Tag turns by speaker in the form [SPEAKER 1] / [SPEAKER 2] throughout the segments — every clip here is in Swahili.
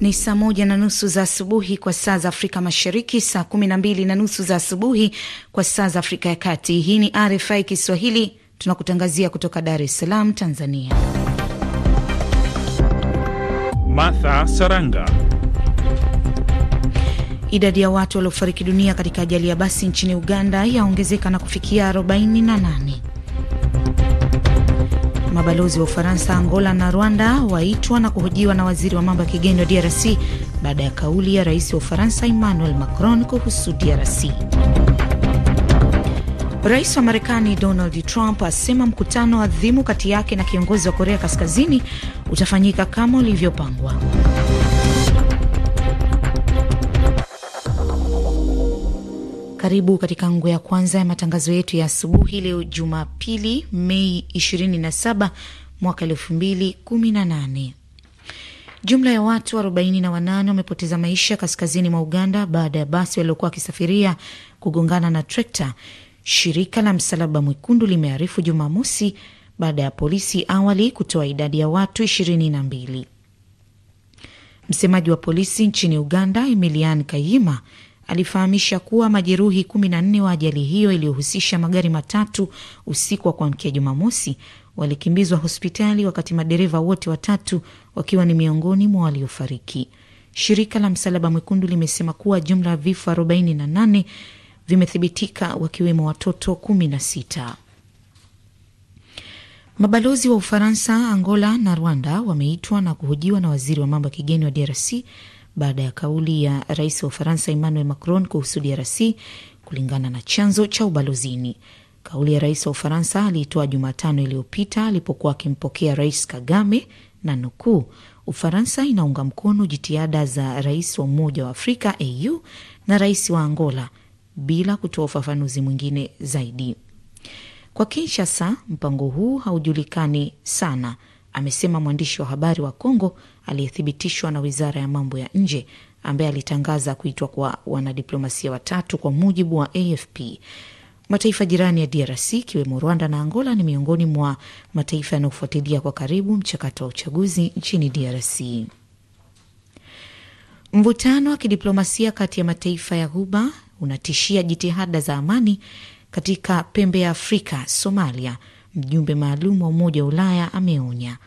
[SPEAKER 1] Ni saa moja na nusu za asubuhi kwa saa za Afrika Mashariki, saa kumi na mbili na nusu za asubuhi kwa saa za Afrika ya Kati. Hii ni RFI Kiswahili, tunakutangazia kutoka Dar es Salaam, Tanzania.
[SPEAKER 2] Martha Saranga.
[SPEAKER 1] Idadi ya watu waliofariki dunia katika ajali ya basi nchini Uganda yaongezeka na kufikia 48. Mabalozi wa Ufaransa, Angola na Rwanda waitwa na kuhojiwa na waziri wa mambo ya kigeni wa DRC baada ya kauli ya rais wa Ufaransa Emmanuel Macron kuhusu DRC. Rais wa Marekani Donald Trump asema mkutano adhimu kati yake na kiongozi wa Korea Kaskazini utafanyika kama ulivyopangwa. Karibu katika nguo ya kwanza ya matangazo yetu ya asubuhi leo Jumapili, Mei 27 mwaka 2018. Jumla ya watu 48 wamepoteza maisha kaskazini mwa Uganda baada ya basi waliokuwa wakisafiria kugongana na trekta, shirika la Msalaba Mwekundu limearifu Jumamosi baada ya polisi awali kutoa idadi ya watu 22. Msemaji wa polisi nchini Uganda Emilian Kayima alifahamisha kuwa majeruhi 14 wa ajali hiyo iliyohusisha magari matatu usiku wa kuamkia Jumamosi walikimbizwa hospitali, wakati madereva wote watatu wakiwa ni miongoni mwa waliofariki. Shirika la Msalaba Mwekundu limesema kuwa jumla ya vifo 48 vimethibitika wakiwemo watoto 16. Mabalozi wa Ufaransa, Angola na Rwanda wameitwa na kuhojiwa na waziri wa mambo ya kigeni wa DRC baada ya kauli ya rais wa Ufaransa Emmanuel Macron kuhusu DRC, kulingana na chanzo cha ubalozini. Kauli ya rais wa Ufaransa aliitoa Jumatano iliyopita alipokuwa akimpokea Rais Kagame na nukuu, Ufaransa inaunga mkono jitihada za rais wa Umoja wa Afrika AU na rais wa Angola, bila kutoa ufafanuzi mwingine zaidi. Kwa Kinshasa, mpango huu haujulikani sana, amesema mwandishi wa habari wa Kongo aliyethibitishwa na wizara ya mambo ya nje ambaye alitangaza kuitwa kwa wanadiplomasia watatu kwa mujibu wa AFP. Mataifa jirani ya DRC ikiwemo Rwanda na Angola ni miongoni mwa mataifa yanayofuatilia kwa karibu mchakato wa uchaguzi nchini DRC. Mvutano wa kidiplomasia kati ya mataifa ya Ghuba unatishia jitihada za amani katika pembe ya Afrika. Somalia, mjumbe maalum wa Umoja wa Ulaya ameonya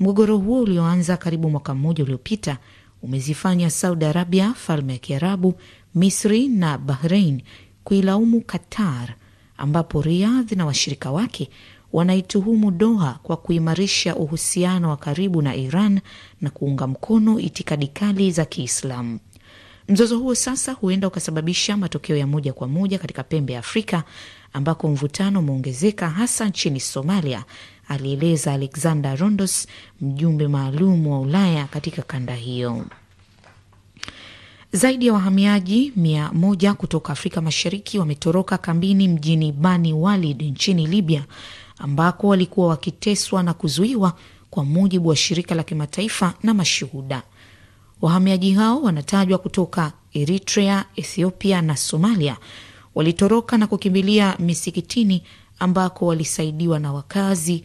[SPEAKER 1] Mgogoro huo ulioanza karibu mwaka mmoja uliopita umezifanya Saudi Arabia, falme ya Kiarabu, Misri na bahrein kuilaumu Qatar, ambapo Riyadh na washirika wake wanaituhumu Doha kwa kuimarisha uhusiano wa karibu na Iran na kuunga mkono itikadi kali za Kiislamu. Mzozo huo sasa huenda ukasababisha matokeo ya moja kwa moja katika pembe ya Afrika ambako mvutano umeongezeka hasa nchini Somalia alieleza Alexander Rondos, mjumbe maalum wa Ulaya katika kanda hiyo. Zaidi ya wahamiaji mia moja kutoka Afrika Mashariki wametoroka kambini mjini Bani Walid nchini Libya, ambako walikuwa wakiteswa na kuzuiwa, kwa mujibu wa shirika la kimataifa na mashuhuda. Wahamiaji hao wanatajwa kutoka Eritrea, Ethiopia na Somalia. Walitoroka na kukimbilia misikitini ambako walisaidiwa na wakazi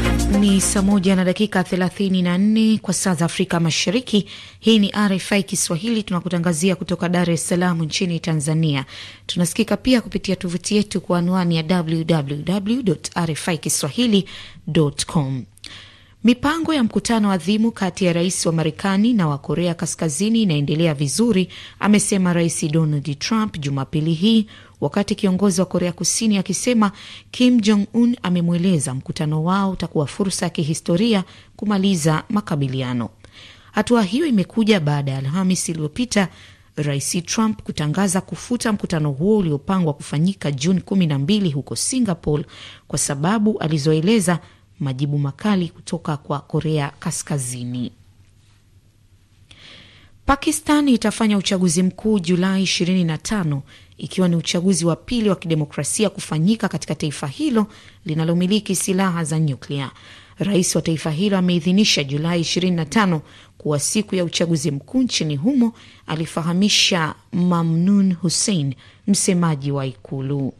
[SPEAKER 1] Ni saa moja na dakika 34 kwa saa za Afrika Mashariki. Hii ni RFI Kiswahili, tunakutangazia kutoka Dar es Salaam nchini Tanzania. Tunasikika pia kupitia tovuti yetu kwa anwani ya www RFI kiswahilicom. Mipango ya mkutano adhimu kati ya rais wa Marekani na wa Korea Kaskazini inaendelea vizuri, amesema Rais Donald Trump Jumapili hii wakati kiongozi wa Korea Kusini akisema Kim Jong Un amemweleza mkutano wao utakuwa fursa ya kihistoria kumaliza makabiliano. Hatua hiyo imekuja baada ya Alhamis iliyopita Rais Trump kutangaza kufuta mkutano huo uliopangwa kufanyika Juni 12 huko Singapore kwa sababu alizoeleza majibu makali kutoka kwa Korea Kaskazini. Pakistan itafanya uchaguzi mkuu Julai 25 ikiwa ni uchaguzi wa pili wa kidemokrasia kufanyika katika taifa hilo linalomiliki silaha za nyuklia. Rais wa taifa hilo ameidhinisha Julai 25 kuwa siku ya uchaguzi mkuu nchini humo, alifahamisha Mamnun Hussein, msemaji wa Ikulu.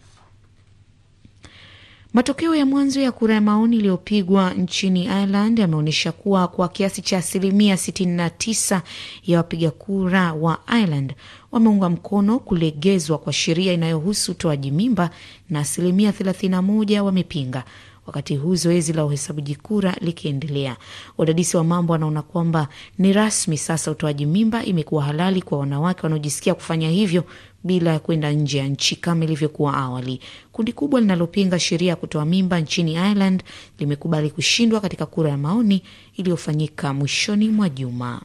[SPEAKER 1] Matokeo ya mwanzo ya kura ya maoni iliyopigwa nchini Ireland yameonyesha kuwa kwa kiasi cha asilimia 69 ya wapiga kura wa Ireland wameunga mkono kulegezwa kwa sheria inayohusu utoaji mimba na asilimia 31 wamepinga wakati huu zoezi la uhesabuji kura likiendelea. Wadadisi wa mambo wanaona kwamba ni rasmi sasa, utoaji mimba imekuwa halali kwa wanawake wanaojisikia kufanya hivyo bila ya kwenda nje ya nchi kama ilivyokuwa awali. Kundi kubwa linalopinga sheria ya kutoa mimba nchini Ireland limekubali kushindwa katika kura ya maoni iliyofanyika mwishoni mwa juma.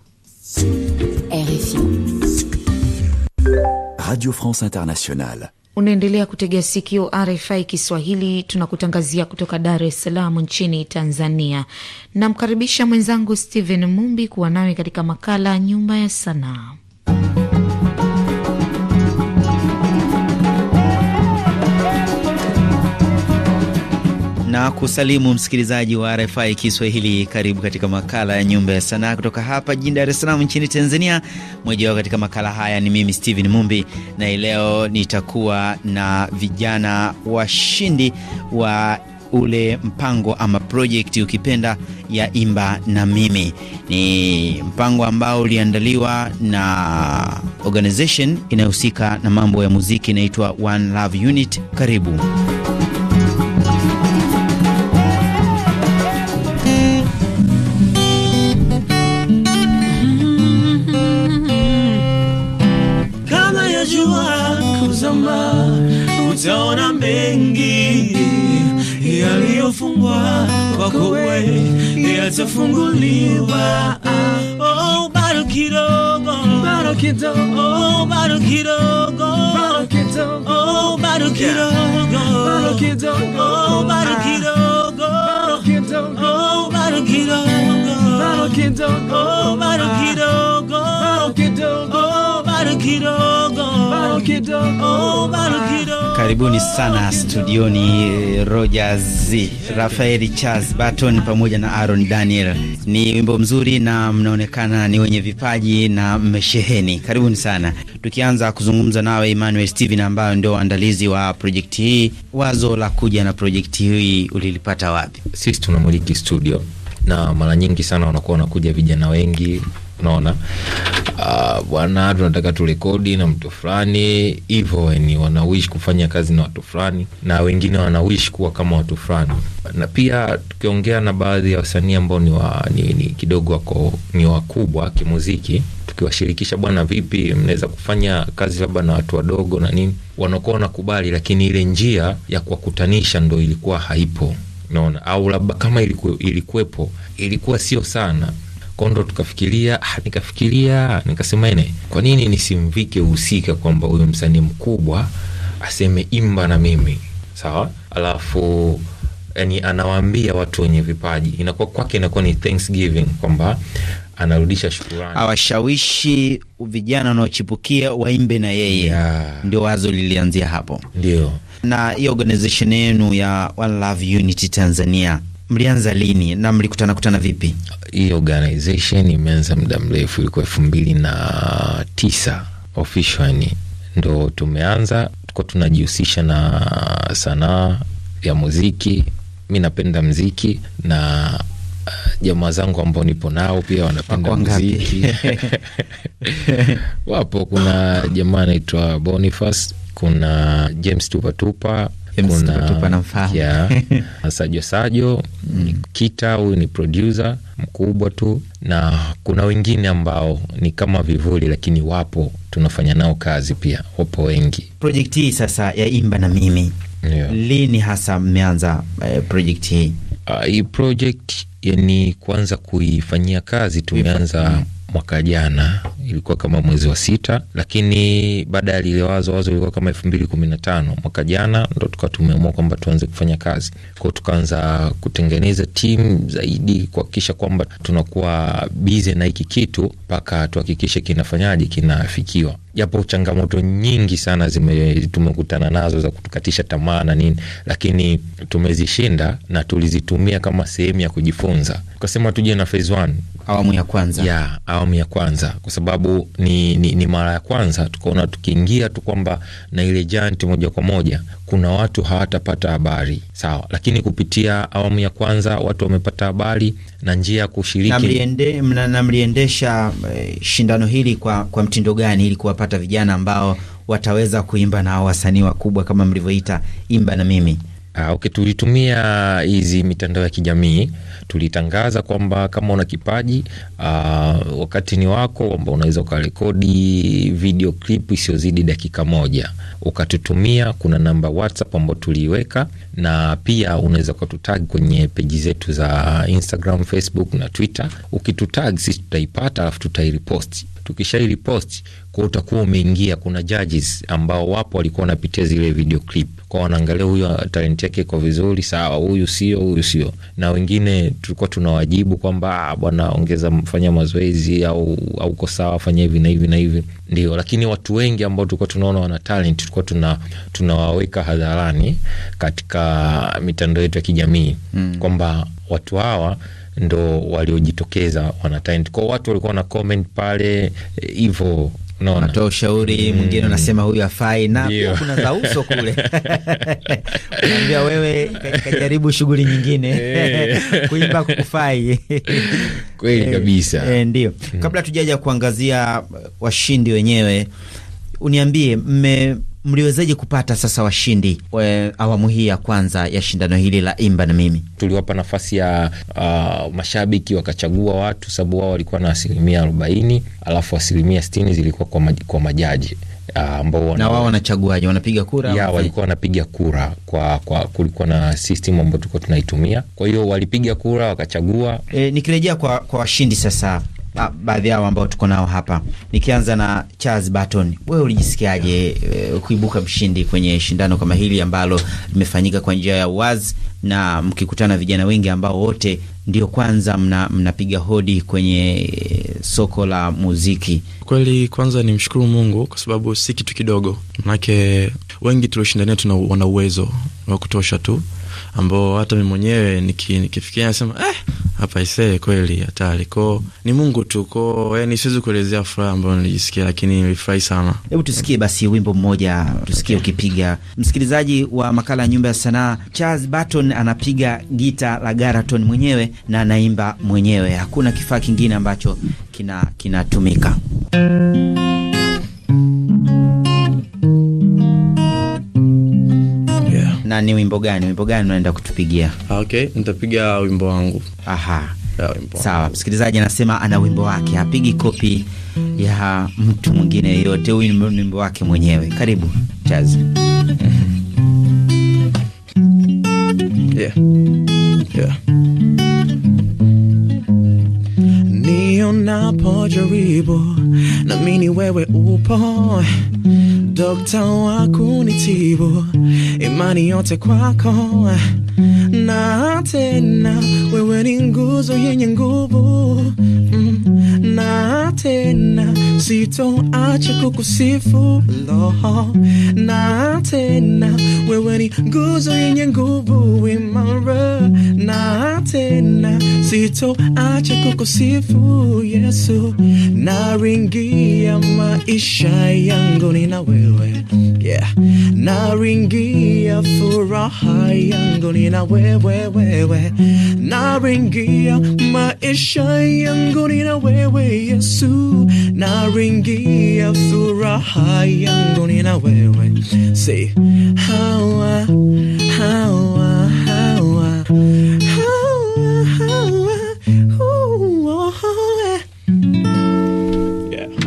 [SPEAKER 3] Radio France Internationale
[SPEAKER 1] Unaendelea kutegea sikio RFI Kiswahili, tunakutangazia kutoka Dar es Salaam nchini Tanzania. Namkaribisha mwenzangu Stephen Mumbi kuwa nawe katika makala Nyumba ya Sanaa.
[SPEAKER 3] na kusalimu msikilizaji wa RFI Kiswahili. Karibu katika makala ya Nyumba ya Sanaa kutoka hapa jijini Dar es Salaam nchini Tanzania. Mmoja wao katika makala haya ni mimi Steven Mumbi, na leo nitakuwa na vijana washindi wa ule mpango ama projekti ukipenda ya Imba na Mimi. Ni mpango ambao uliandaliwa na organization inayohusika na mambo ya muziki inaitwa One Love Unit. Karibu.
[SPEAKER 2] nitaona mengi yaliyofungwa kwako wewe yatafunguliwa. Oh, bado kidogo, bado kidogo, oh, bado kidogo, bado kidogo, oh, bado kidogo, bado kidogo, oh, bado kidogo, oh, bado kidogo, bado kidogo, oh, bado kidogo, bado kidogo, oh Oh, ah.
[SPEAKER 3] Karibuni sana studioni eh, Rogers, Rafael Charles Barton pamoja na Aaron Daniel. Ni wimbo mzuri na mnaonekana ni wenye vipaji na mmesheheni. Karibuni sana. Tukianza kuzungumza nawe Emmanuel Steven, ambayo ndio waandalizi wa projekti hii,
[SPEAKER 4] wazo la kuja na projekti hii ulilipata wapi? Sisi tunamiliki studio na mara nyingi sana wanakuwa wanakuja vijana wengi Unaona uh, tunataka turekodi na mtu fulani hivyo, ni wanawish kufanya kazi na watu fulani, na wengine wanawish kuwa kama watu fulani. Na pia tukiongea na baadhi ya wasanii ambao ni, wa, ni, ni kidogo wako ni wakubwa kimuziki, tukiwashirikisha, bwana, vipi mnaweza kufanya kazi labda na watu wadogo na nini, wanakuwa wanakubali, lakini ile njia ya kuwakutanisha ndo ilikuwa haipo, naona au labda kama ilikuwepo ilikuwa sio sana kondo tukafikiria, ah, nikafikiria nikasema, ene, kwa nini nisimvike uhusika kwamba huyu msanii mkubwa aseme imba na mimi sawa, alafu yani anawaambia watu wenye vipaji, inakuwa kwake inakuwa ni Thanksgiving kwamba anarudisha shukurani, awashawishi vijana
[SPEAKER 3] wanaochipukia waimbe na yeye yeah. Ndio wazo lilianzia hapo, ndio na hiyo organization yenu ya One Love Unity Tanzania mlianza lini na mlikutana
[SPEAKER 4] kutana vipi? Hii organization imeanza muda mrefu, ilikuwa elfu mbili na tisa officially ndo tumeanza. Tuko tunajihusisha na sanaa ya muziki, mi napenda mziki na uh, jamaa zangu ambao nipo nao pia wanapenda muziki wapo, kuna jamaa anaitwa Boniface, kuna James Tupatupa Sajo Sajo ni mm. kita, huyu ni producer mkubwa tu, na kuna wengine ambao ni kama vivuli, lakini wapo tunafanya nao kazi pia, wapo wengi. Projekti hii sasa ya imba na mimi yeah. Lini hasa mmeanza uh, eh, projekti hii? Uh, hii project yani kuanza kuifanyia kazi tumeanza mwaka jana ilikuwa kama mwezi wa sita, lakini baada ya lile wazo, wazo ilikuwa kama elfu mbili kumi na tano mwaka jana, ndo tukawa tumeamua kwamba tuanze kufanya kazi kwao, tukaanza kutengeneza timu zaidi kuhakikisha kwamba tunakuwa bize na hiki kitu mpaka tuhakikishe kinafanyaje, kinafikiwa japo changamoto nyingi sana zime tumekutana nazo za kutukatisha tamaa na nini, lakini tumezishinda na tulizitumia kama sehemu ya kujifunza. Tukasema tuje na phase one, awamu ya kwanza ya awamu ya kwanza, kwa sababu ni, ni, ni mara ya kwanza tukaona tukiingia tu kwamba na ile janti moja kwa moja kuna watu hawatapata habari sawa, lakini kupitia awamu ya kwanza watu wamepata habari na njia ya kushiriki.
[SPEAKER 3] Na mliendesha eh, shindano hili kwa, kwa mtindo gani ili kuwapata vijana ambao wataweza kuimba na wasanii wakubwa kama mlivyoita
[SPEAKER 4] imba na mimi Uh, ah, okay, tulitumia hizi mitandao ya kijamii tulitangaza kwamba kama una kipaji uh, wakati ni wako kwamba unaweza ukarekodi video clip isiyozidi dakika moja ukatutumia. Kuna namba WhatsApp ambayo tuliiweka, na pia unaweza ukatutag kwenye peji zetu za Instagram, Facebook na Twitter. Ukitutag sisi tutaipata alafu tutairiposti tukishaili post kwa utakuwa umeingia. Kuna judges ambao wapo walikuwa wanapitia zile video clip, kwa wanaangalia huyu talenti yake iko vizuri, sawa, huyu sio, huyu sio. Na wengine tulikuwa tunawajibu kwamba ah, bwana, ongeza, fanya mazoezi au auko sawa, fanya hivi na hivi na hivi, ndio. Lakini watu wengi ambao tulikuwa tunaona wana talent tulikuwa tuna tunawaweka hadharani katika mitandao yetu ya kijamii mm. kwamba watu hawa ndo waliojitokeza wana talent kwao. Watu walikuwa na comment pale hivyo eh, e, natoa ushauri mwingine mm. Unasema huyu afai na pia kuna za uso
[SPEAKER 3] kule unaambia wewe kajaribu shughuli nyingine eh. kuimba kukufai
[SPEAKER 4] kweli eh, kabisa
[SPEAKER 3] e, ndio mm. Kabla tujaja kuangazia washindi wenyewe, uniambie mme mliwezaje kupata sasa washindi we,
[SPEAKER 4] awamu hii ya kwanza ya shindano hili la Imba na Mimi? Tuliwapa nafasi ya uh, mashabiki wakachagua watu, sababu wao walikuwa na asilimia arobaini alafu asilimia sitini zilikuwa kwa, maj kwa majaji uh, ambao na wao wanachaguaje? Wanapiga kura ya, walikuwa wanapiga kura kwa, kwa kulikuwa na system ambayo tulikuwa tunaitumia. Kwa hiyo walipiga kura wakachagua.
[SPEAKER 3] E, nikirejea kwa, kwa washindi sasa Ah, baadhi yao ambao tuko nao hapa, nikianza na Charles Barton, wewe ulijisikiaje uh, kuibuka mshindi kwenye shindano kama hili ambalo limefanyika kwa njia ya uwazi na mkikutana vijana wengi ambao wote ndio kwanza mnapiga mna hodi kwenye eh, soko la muziki? Kweli, kwanza ni mshukuru Mungu kwa sababu si kitu kidogo, manake wengi tulioshindania tuna wana uwezo
[SPEAKER 5] wa kutosha tu ambao hata mimi mwenyewe niki, nikifikia nasema eh, hapa isee, kweli hatari ko ni Mungu tu ko ni siwezi kuelezea furaha ambayo nilijisikia, lakini
[SPEAKER 3] nilifurahi sana. Hebu tusikie basi wimbo mmoja tusikie ukipiga. Msikilizaji wa makala ya nyumba ya sanaa, Charles Barton anapiga gita la Garaton mwenyewe na anaimba mwenyewe, hakuna kifaa kingine ambacho kinatumika kina na ni wimbo gani? Wimbo gani unaenda kutupigia? Okay, nitapiga wimbo wangu. Aha. Sawa, msikilizaji anasema ana wimbo wake, apigi kopi ya mtu mwingine yeyote. Huyu ni wimbo wake mwenyewe. Karibu Chazi. yeah. Yeah.
[SPEAKER 5] Nionapo jaribu, naamini wewe upo dokta wa kunitibu, imani yote kwako, na tena wewe ni nguzo yenye nguvu na tena, sitoacha kukusifu Roho na tena, wewe ni nguzo yenye nguvu imara na tena, sitoacha kukusifu Yesu, naringia maisha yangu ni na wewe yeah. Naringia furaha yangu ni na wewe wewe, naringia maisha yangu ni na wewe Yesu, naringia furaha yangu ni na wewe. Say hawa hawa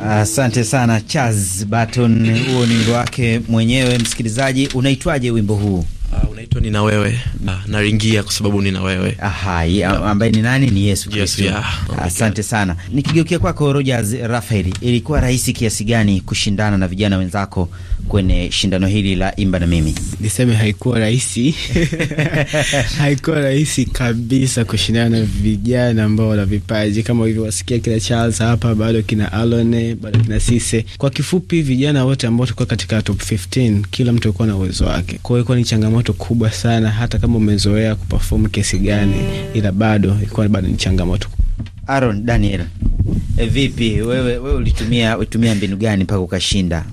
[SPEAKER 3] Asante sana Chaz Baton, huo ni wimbo wake mwenyewe. Msikilizaji, unaitwaje wimbo huu? Uh, unaitwa nina wewe uh, naringia kwa sababu nina wewe. Aha, yeah. ambaye ni nani? Ni Yesu Kristo. Yes, yeah. oh, asante sana. Nikigeukia kwako Rogers Rafael, ilikuwa rahisi kiasi gani kushindana na vijana wenzako kwenye shindano hili la Imba na Mimi? Niseme haikuwa rahisi haikuwa rahisi kabisa kushindana na vijana ambao wana vipaji kama ulivyowasikia wasikia kina Charles hapa, bado kina Alone, bado kina Sise. Kwa kifupi, vijana wote ambao tulikuwa katika top 15, kila mtu alikuwa na uwezo wake. Kwa hiyo ilikuwa ni changamoto kubwa sana, hata kama umezoea kuperform kiasi gani, ila bado ilikuwa bado ni changamoto. Aaron Daniel E, vipi wewe, wewe ulitumia ulitumia mbinu gani mpaka ukashinda?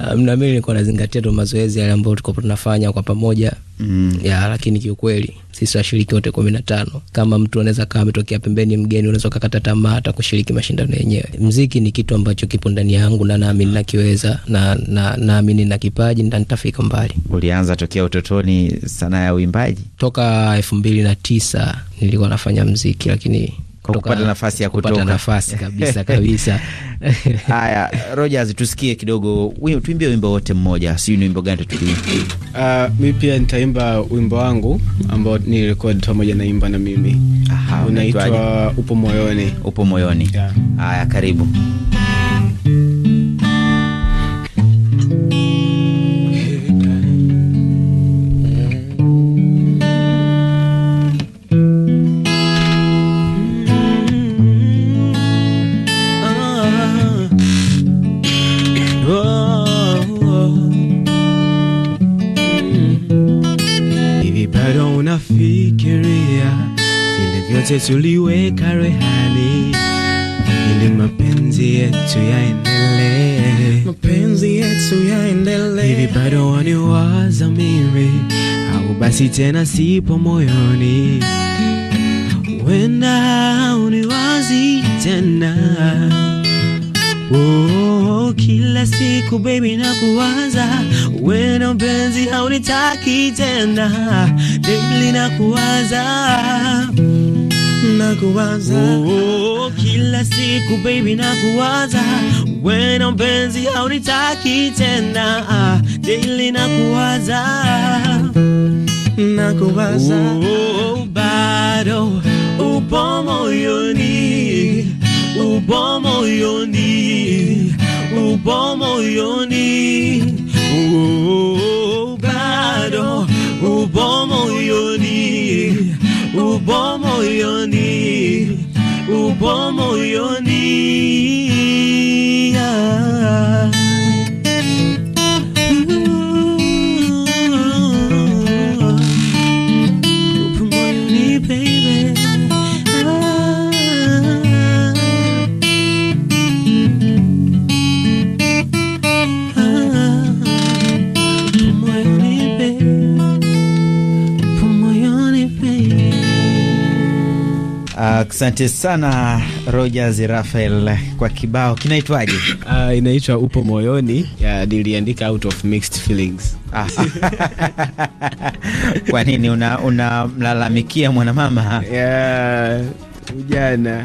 [SPEAKER 3] Ah, Mna mimi nilikuwa nazingatia tu mazoezi yale ambayo tulikuwa tunafanya kwa pamoja
[SPEAKER 2] mm. ya
[SPEAKER 3] lakini kiukweli sisi washiriki wote kumi na tano, kama mtu anaweza kawa ametokea pembeni mgeni, unaweza ukakata tamaa hata kushiriki mashindano yenyewe. Mziki ni kitu ambacho kipo ndani yangu na naamini nakiweza na naamini na, na kipaji na nitafika mbali. Ulianza tokea utotoni sanaa ya uimbaji? Toka elfu mbili na tisa nilikuwa nafanya mziki, lakini kutoka, kupata nafasi ya kutoka. Kupata nafasi kabisa kabisa. Haya, Rogers, tusikie kidogo, tuimbie wimbo wote mmoja, sijui ni wimbo gani tukiimba. Uh, mi pia nitaimba wimbo wangu ambao ni record pamoja na imba na mimi. unaitwa Upo Moyoni. Upo Moyoni. Haya, yeah. Karibu.
[SPEAKER 5] tuliweka rehani ili mapenzi yetu yaendelee, mapenzi yetu yaendelee. Hivi bado waniwaza mimi au basi tena sipo moyoni? Wenda
[SPEAKER 2] uniwazi tena Oh, kila siku baby na kuwaza, wena mpenzi haunitaki tena, daily na kuwaza na kuwaza oh, kila siku baby na wena mpenzi haunitaki tena ah, daily na kuwaza oh, bado upo moyoni upo moyoni upo moyoni oh, bado upo moyoni o bom Moioni, o bom Moioni. Ah, ah.
[SPEAKER 3] Uh, asante uh, sana Rogers Rafael kwa kibao kinaitwaje? Uh, inaitwa upo moyoni ya niliandika out of mixed feelings. Ah. Kwa nini unamlalamikia una mwanamama? Yeah, ujana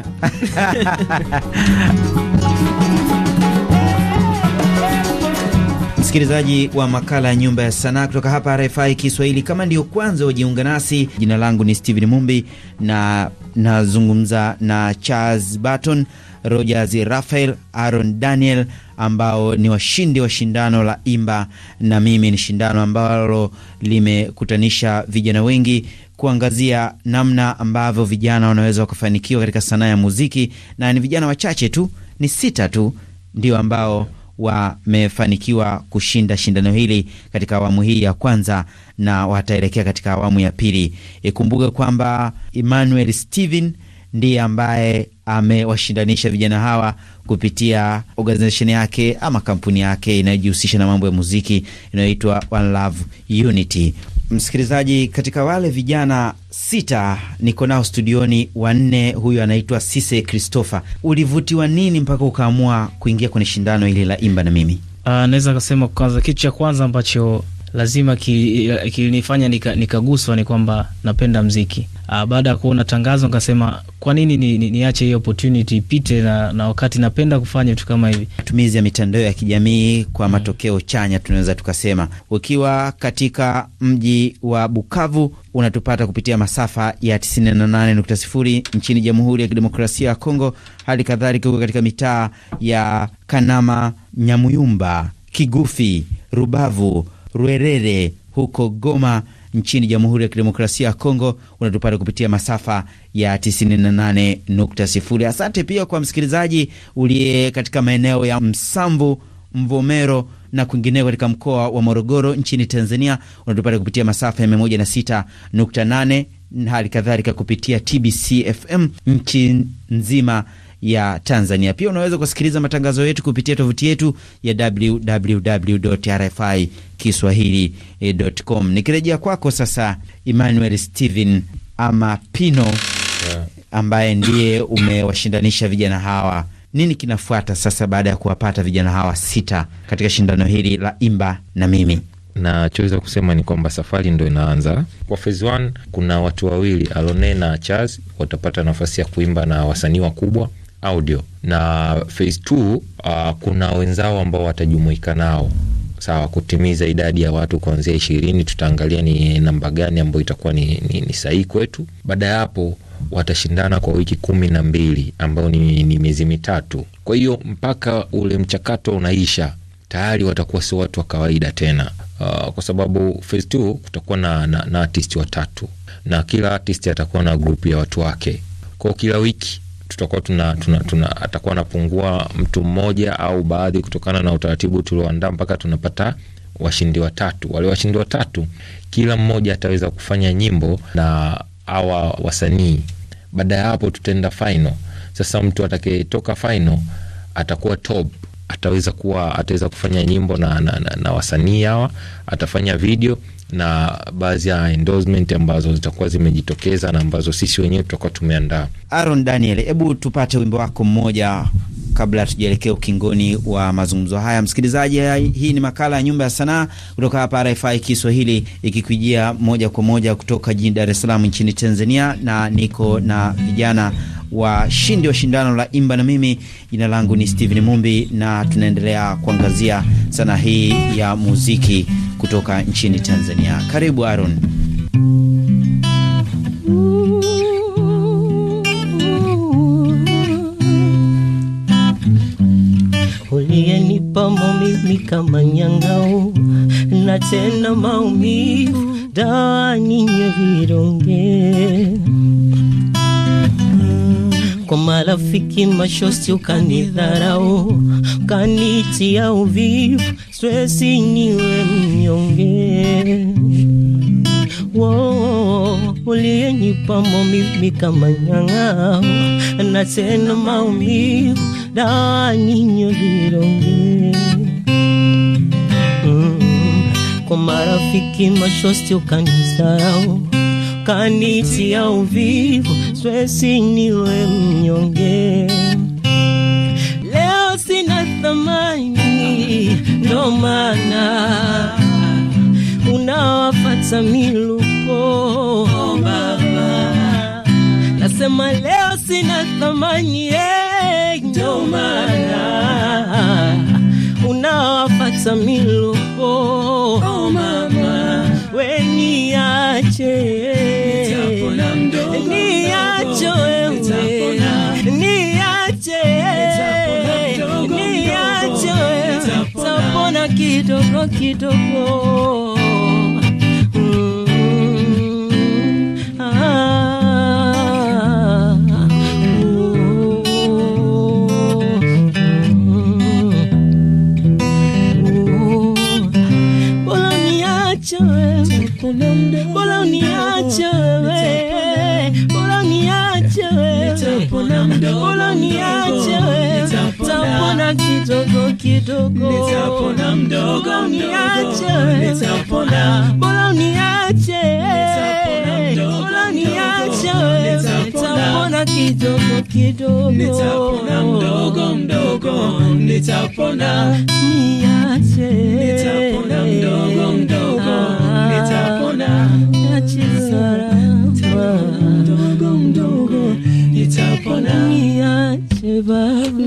[SPEAKER 3] Msikilizaji wa makala ya Nyumba ya Sanaa kutoka hapa RFI Kiswahili, kama ndiyo kwanza wajiunga nasi, jina langu ni Steven Mumbi na nazungumza na Charles Barton, Rogers Raphael, Aaron Daniel ambao ni washindi wa shindano la Imba na Mimi, ni shindano ambalo limekutanisha vijana wengi kuangazia namna ambavyo vijana wanaweza wakafanikiwa katika sanaa ya muziki, na ni vijana wachache tu, ni sita tu ndio ambao wamefanikiwa kushinda shindano hili katika awamu hii ya kwanza na wataelekea katika awamu ya pili. Ikumbuke kwamba Emmanuel Steven ndiye ambaye amewashindanisha vijana hawa kupitia organization yake ama kampuni yake inayojihusisha na mambo ya muziki inayoitwa One Love Unity. Msikilizaji, katika wale vijana sita niko nao studioni, wanne, huyu anaitwa Sise Christopher, ulivutiwa nini mpaka ukaamua kuingia kwenye shindano hili la Imba na Mimi? Uh, naweza kasema kwanza, kitu cha kwanza ambacho lazima kilinifanya ki nikaguswa ni kwamba napenda mziki. Ah, baada ya kuona tangazo nikasema kwa nini ni, ni, hii opportunity ipite na, na wakati napenda kufanya vitu kama hivi. Matumizi ya mitandao ya kijamii kwa matokeo chanya tunaweza tukasema. Ukiwa katika mji wa Bukavu unatupata kupitia masafa ya 98.0 nchini Jamhuri ya Kidemokrasia ya Kongo, hali kadhalika huko katika mitaa ya Kanama, Nyamuyumba, Kigufi, Rubavu Rwerere huko Goma nchini Jamhuri ya Kidemokrasia ya Kongo. Unatupata kupitia masafa ya 98.0. Asante pia kwa msikilizaji uliye katika maeneo ya Msambu, Mvomero na kwingineko katika mkoa wa Morogoro nchini Tanzania. Unatupata kupitia masafa ya 106.8, hali kadhalika kupitia TBC FM nchi nzima ya Tanzania. Pia unaweza kusikiliza matangazo yetu kupitia tovuti yetu ya www.rfikiswahili.com. Nikirejea kwako sasa, Emmanuel Steven ama Pino, yeah, ambaye ndiye umewashindanisha vijana hawa nini kinafuata sasa baada ya kuwapata vijana hawa sita
[SPEAKER 4] katika shindano hili la Imba na Mimi? Nachoweza kusema ni kwamba safari ndo inaanza kwa phase one. Kuna watu wawili Alone na Chaz watapata nafasi ya kuimba na wasanii wakubwa audio na phase 2 uh, kuna wenzao ambao watajumuika nao sawa, kutimiza idadi ya watu kuanzia ishirini. Tutaangalia ni namba gani ambayo itakuwa ni, ni, ni sahihi kwetu. Baada ya hapo watashindana kwa wiki kumi na mbili ambayo ni, ni miezi mitatu. Kwa hiyo mpaka ule mchakato unaisha tayari watakuwa sio watu wa kawaida tena. Uh, kwa sababu phase 2 kutakuwa na, na, na artist watatu na kila artist atakuwa na grupu ya watu wake, kwa kila wiki tutakuwa tuna, tuna, tuna atakuwa anapungua mtu mmoja au baadhi, kutokana na utaratibu tulioandaa mpaka tunapata washindi watatu. Wale washindi watatu, kila mmoja ataweza kufanya nyimbo na awa wasanii. Baada ya hapo, tutaenda final. Sasa mtu atakayetoka final atakuwa top ataweza kuwa ataweza kufanya nyimbo na, na, na, na wasanii hawa, atafanya video na baadhi ya endorsement ambazo zitakuwa zimejitokeza na ambazo sisi wenyewe tutakuwa tumeandaa.
[SPEAKER 3] Aaron Daniel, hebu tupate wimbo wako mmoja kabla tujaelekea ukingoni wa mazungumzo haya. Msikilizaji, hii ni makala ya Nyumba ya Sanaa kutoka hapa RFI Kiswahili, ikikujia moja kwa moja kutoka jijini Dar es Salaam nchini Tanzania, na niko na vijana washindi wa shindano la Imba na Mimi. Jina langu ni Steven Mumbi na tunaendelea kuangazia sanaa hii ya muziki kutoka nchini Tanzania. Karibu Aaron.
[SPEAKER 2] pamomimi kama nyangao na tena maumivu ndani ya vironge kwa marafiki mashosti ukanidharau kanitia uvivu stresi niwe mnyonge Whoa, uliyenipa kama nyangao na tena maumivu da niños vironge mm. kwa marafiki mashosti ukanizao kanitia uvivu swesi niwe mnyonge leo sina thamani ndo mana unawafata milupo oh, nasema leo sina thamani yeah mama unawafata milopo. oh, mama weniache niacho niache kidogo kidogo kidogo, nitapona mdogo niache, nitapona bora niache, bora niache, nitapona kidogo kidogo, nitapona mdogo mdogo, nitapona niache, nitapona mdogo mdogo, ah. nitapona niache sana, mdogo mdogo, nitapona niache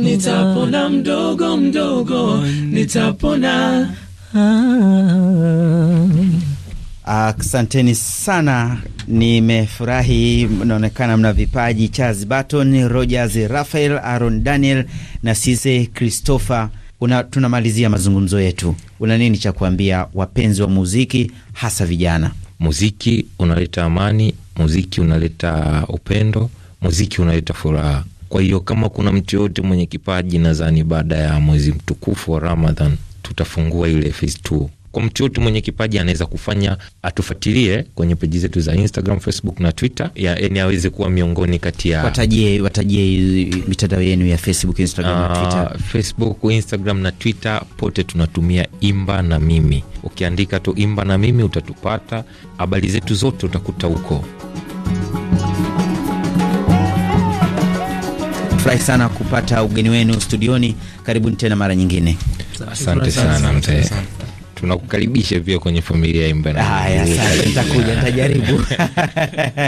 [SPEAKER 2] nitapona mdogo mdogo, nitapona.
[SPEAKER 3] Asanteni ah, sana. Nimefurahi, mnaonekana mna vipaji. Charles Barton, Rogers Rafael, Aaron Daniel na Sise Christopher. Una, tunamalizia
[SPEAKER 4] mazungumzo yetu, una nini cha kuambia wapenzi wa muziki hasa vijana? Muziki unaleta amani, muziki unaleta upendo, muziki unaleta furaha. Kwa hiyo kama kuna mtu yoyote mwenye kipaji, nadhani baada ya mwezi mtukufu wa Ramadhan tutafungua ile phase 2 kwa mtu yote mwenye kipaji anaweza kufanya, atufuatilie kwenye peji zetu za Instagram, Facebook na Twitter, yaani aweze kuwa miongoni kati ya watajie. Watajie mitandao yenu ya Facebook, Instagram na ah, Twitter. Facebook, Instagram na Twitter, pote tunatumia Imba na Mimi. Ukiandika tu Imba na Mimi utatupata, habari zetu zote utakuta huko.
[SPEAKER 3] Nimefurahi sana kupata ugeni wenu studioni. Karibuni tena mara nyingine. Asante sana mzee
[SPEAKER 4] tunakukaribisha pia kwenye familia Imba. Haya, sasa nitakuja, nitajaribu.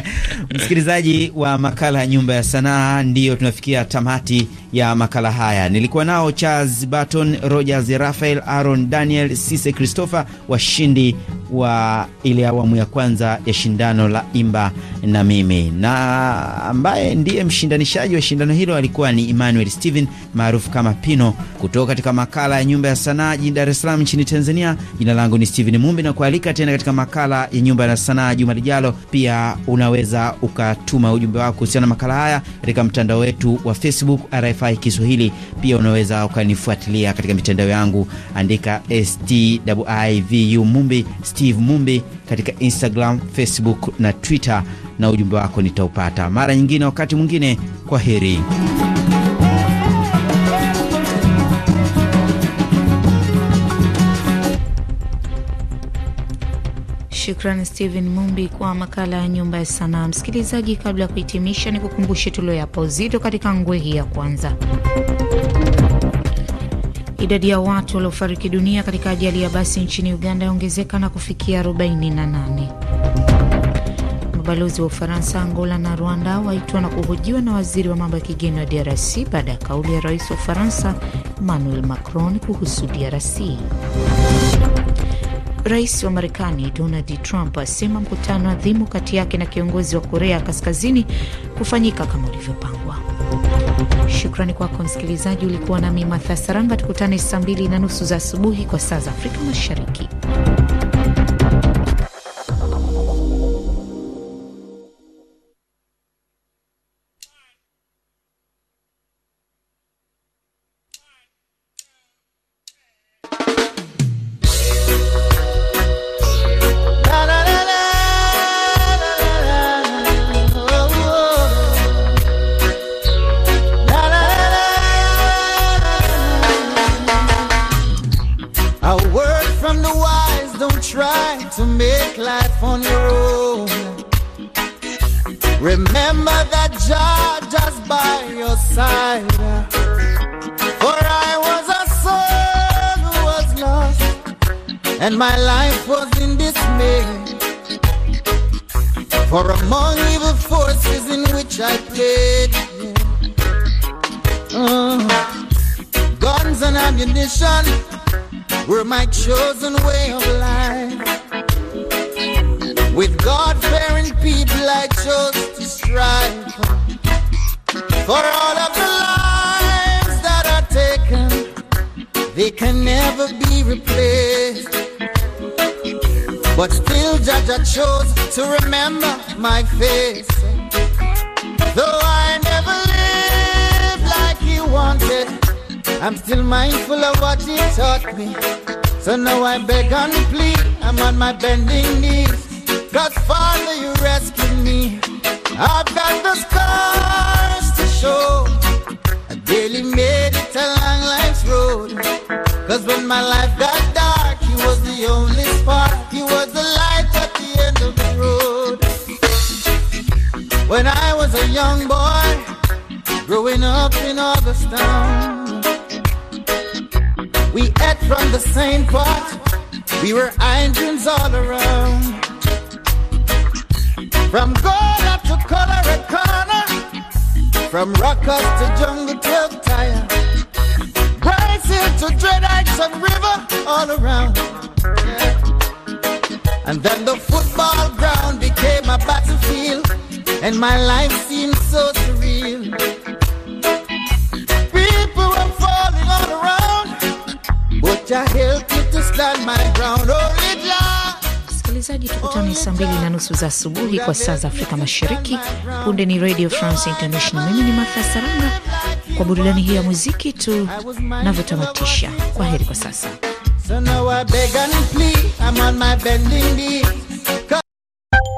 [SPEAKER 3] Msikilizaji wa makala ya Nyumba ya Sanaa, ndiyo tunafikia tamati ya makala haya. Nilikuwa nao Charles Barton, Rogers Rafael, Aaron Daniel, Sise Christopher, washindi wa ile awamu ya kwanza ya shindano la Imba na Mimi, na ambaye ndiye mshindanishaji wa shindano hilo alikuwa ni Emmanuel Steven maarufu kama Pino, kutoka katika makala ya Nyumba ya Sanaa jijini Dar es Salaam nchini Tanzania. Jina langu ni Steven Mumbi na kualika tena katika makala ya Nyumba ya Sanaa juma lijalo. Pia unaweza ukatuma ujumbe wako kuhusiana na makala haya katika mtandao wetu wa Facebook RFI Kiswahili. Pia unaweza ukanifuatilia katika mitandao yangu, andika Stivu Mumbi, Steve Mumbi katika Instagram, Facebook na Twitter, na ujumbe wako nitaupata. Mara nyingine, wakati mwingine, kwa heri.
[SPEAKER 1] Shukran stephen Mumbi kwa makala ya nyumba ya sanaa. Msikilizaji, kabla ya kuhitimisha, ni kukumbushe tulioyapa uzito katika ngwe hii ya kwanza. Idadi ya watu waliofariki dunia katika ajali ya basi nchini Uganda yaongezeka na kufikia 48. Mabalozi wa Ufaransa, Angola na Rwanda waitwa na kuhojiwa na waziri wa mambo ya kigeni wa DRC baada ya kauli ya rais wa Ufaransa Emmanuel Macron kuhusu DRC. Rais wa Marekani Donald Trump asema mkutano adhimu kati yake na kiongozi wa Korea Kaskazini kufanyika kama ulivyopangwa. Shukrani kwako msikilizaji, ulikuwa nami Matha Saranga. Tukutane saa mbili na nusu za asubuhi kwa saa za Afrika Mashariki.
[SPEAKER 6] guns and ammunition were my chosen way of life. With God fearing people, I chose to strive for all of the lives that are taken. They can never be replaced. But still, Judge, I chose to remember my face. Though I'm still mindful of what he taught me. So now I beg and plead, I'm on my bending knees. God, Father, you rescued me. I've got the scars to show. I daily made it a long life's road. Cause when my life got dark, he was the only spark. He was the light at the end of the road. When I was a young boy, growing up in August town. We ate from the same pot. We were engines dreams all around. From corner to corner corner. From rockers to jungle till tire. Bryce Hill to Dread and River all around. Yeah. And then the football ground became a battlefield. And my life seemed so surreal.
[SPEAKER 1] Msikilizaji, tukutane saa mbili na nusu za asubuhi kwa saa za Afrika Mashariki. Punde ni Radio France International. Mimi ni Martha Saranga, kwa burudani hiyo ya muziki tu navyotamatisha. Kwa heri kwa sasa.
[SPEAKER 6] So now I beg and plea, I'm on my bending knee.